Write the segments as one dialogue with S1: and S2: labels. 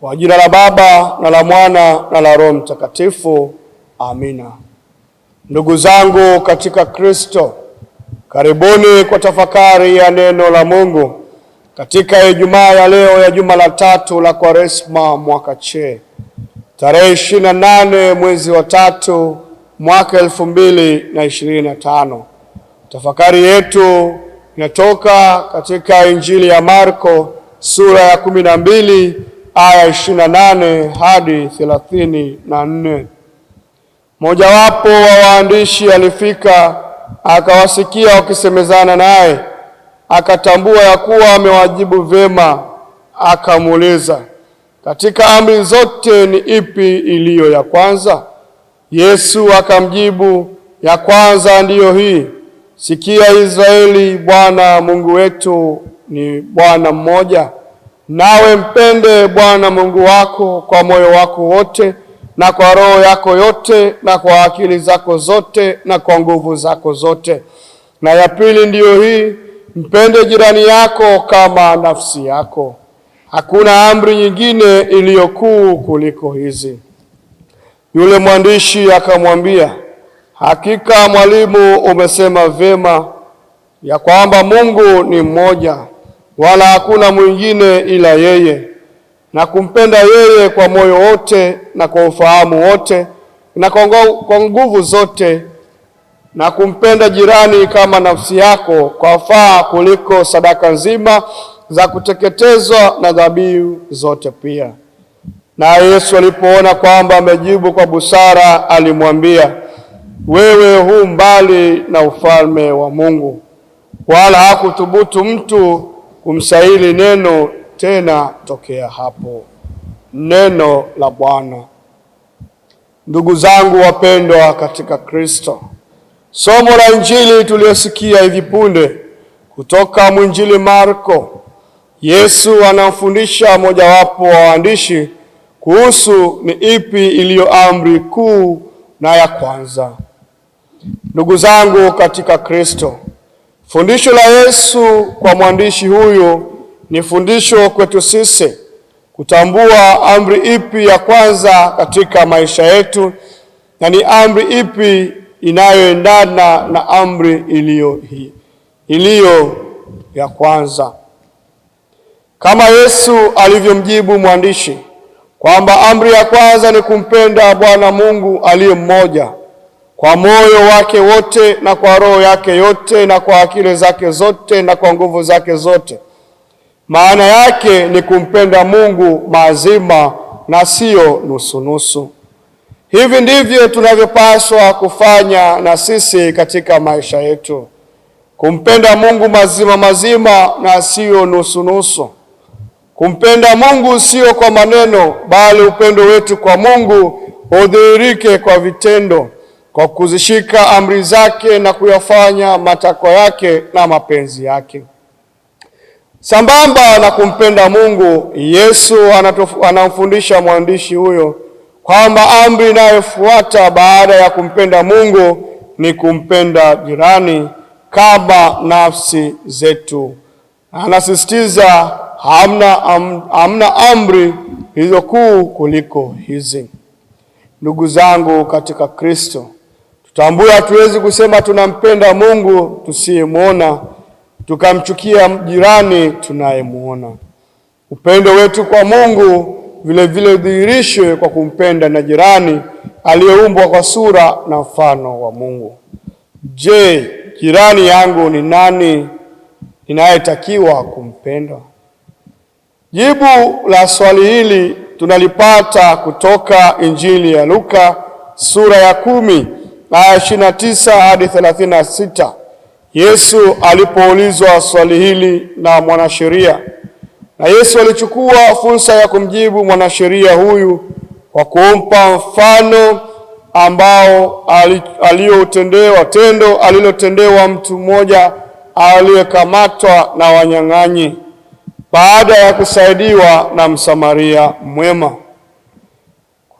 S1: Kwa jina la Baba na la Mwana na la Roho Mtakatifu, amina. Ndugu zangu katika Kristo, karibuni kwa tafakari ya neno la Mungu katika Ijumaa ya leo ya juma la tatu la Kwaresma mwaka che tarehe ishirini na nane mwezi wa tatu mwaka elfu mbili na ishirini na tano. Tafakari yetu inatoka katika Injili ya Marko sura ya kumi na mbili aya ishirini na nane hadi thelathini na nne. Mojawapo wa waandishi alifika akawasikia wakisemezana naye, akatambua ya kuwa amewajibu vyema, akamuuliza katika amri zote ni ipi iliyo ya kwanza? Yesu akamjibu, ya kwanza ndiyo hii, sikia Israeli, Bwana Mungu wetu ni Bwana mmoja nawe mpende Bwana Mungu wako kwa moyo wako wote na kwa roho yako yote na kwa akili zako zote na kwa nguvu zako zote. Na ya pili ndiyo hii, mpende jirani yako kama nafsi yako. Hakuna amri nyingine iliyokuu kuliko hizi. Yule mwandishi akamwambia, hakika mwalimu, umesema vyema ya kwamba Mungu ni mmoja wala hakuna mwingine ila yeye, na kumpenda yeye kwa moyo wote na kwa ufahamu wote na kwa nguvu zote, na kumpenda jirani kama nafsi yako, kwa faa kuliko sadaka nzima za kuteketezwa na dhabihu zote pia. Na Yesu alipoona kwamba amejibu kwa busara, alimwambia, wewe hu mbali na ufalme wa Mungu. Wala hakuthubutu mtu kumsaili neno tena tokea hapo. Neno la Bwana. Ndugu zangu wapendwa katika Kristo, somo la injili tuliyosikia hivi punde kutoka mwinjili Marko, Yesu anamfundisha mojawapo wa waandishi kuhusu ni ipi iliyo amri kuu na ya kwanza. Ndugu zangu katika Kristo, Fundisho la Yesu kwa mwandishi huyu ni fundisho kwetu sisi kutambua amri ipi ya kwanza katika maisha yetu na ni amri ipi inayoendana na amri iliyo hii iliyo ya kwanza, kama Yesu alivyomjibu mwandishi kwamba amri ya kwanza ni kumpenda Bwana Mungu aliye mmoja kwa moyo wake wote na kwa roho yake yote na kwa akili zake zote na kwa nguvu zake zote. Maana yake ni kumpenda Mungu mazima na siyo nusunusu. Hivi ndivyo tunavyopaswa kufanya na sisi katika maisha yetu, kumpenda Mungu mazima mazima na siyo nusunusu. Kumpenda Mungu sio kwa maneno, bali upendo wetu kwa Mungu udhihirike kwa vitendo kwa kuzishika amri zake na kuyafanya matakwa yake na mapenzi yake. Sambamba na kumpenda Mungu, Yesu anamfundisha mwandishi huyo kwamba amri inayofuata baada ya kumpenda Mungu ni kumpenda jirani kama nafsi zetu. Anasisitiza hamna, am, hamna amri kuu kuliko hizi. Ndugu zangu katika Kristo, Tutambue hatuwezi kusema tunampenda Mungu tusiyemwona, tukamchukia jirani tunayemwona. Upendo wetu kwa Mungu vilevile udhihirishwe kwa kumpenda na jirani aliyeumbwa kwa sura na mfano wa Mungu. Je, jirani yangu ni nani ninayetakiwa kumpenda? Jibu la swali hili tunalipata kutoka Injili ya Luka sura ya kumi aya ishirini na tisa hadi thelathini na sita Yesu alipoulizwa swali hili na mwanasheria, na Yesu alichukua fursa ya kumjibu mwanasheria huyu kwa kumpa mfano ambao aliyotendewa tendo alilotendewa mtu mmoja aliyekamatwa na wanyang'anyi baada ya kusaidiwa na Msamaria mwema.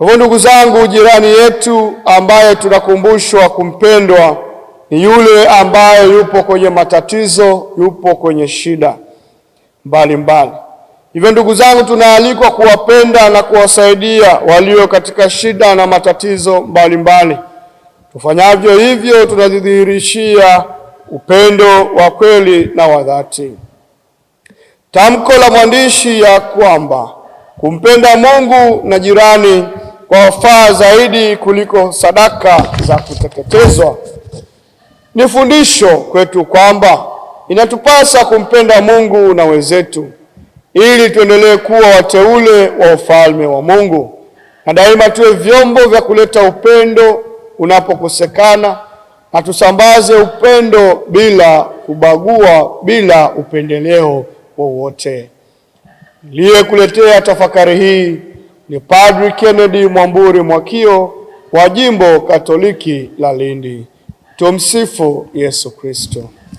S1: Kwa hivyo ndugu zangu, jirani yetu ambaye tunakumbushwa kumpendwa ni yule ambaye yupo kwenye matatizo, yupo kwenye shida mbalimbali. Hivyo ndugu zangu, tunaalikwa kuwapenda na kuwasaidia walio katika shida na matatizo mbalimbali. Tufanyavyo hivyo, tunajidhihirishia upendo wa kweli na wa dhati. Tamko la mwandishi ya kwamba kumpenda Mungu na jirani wawafaa zaidi kuliko sadaka za kuteketezwa. Ni fundisho kwetu kwamba inatupasa kumpenda Mungu na wenzetu ili tuendelee kuwa wateule wa ufalme wa Mungu, na daima tuwe vyombo vya kuleta upendo unapokosekana, na tusambaze upendo bila kubagua, bila upendeleo wowote. Niliyekuletea tafakari hii ni Padri Kennedy Mwamburi Mwakio wa Jimbo Katoliki la Lindi. Tumsifu Yesu Kristo.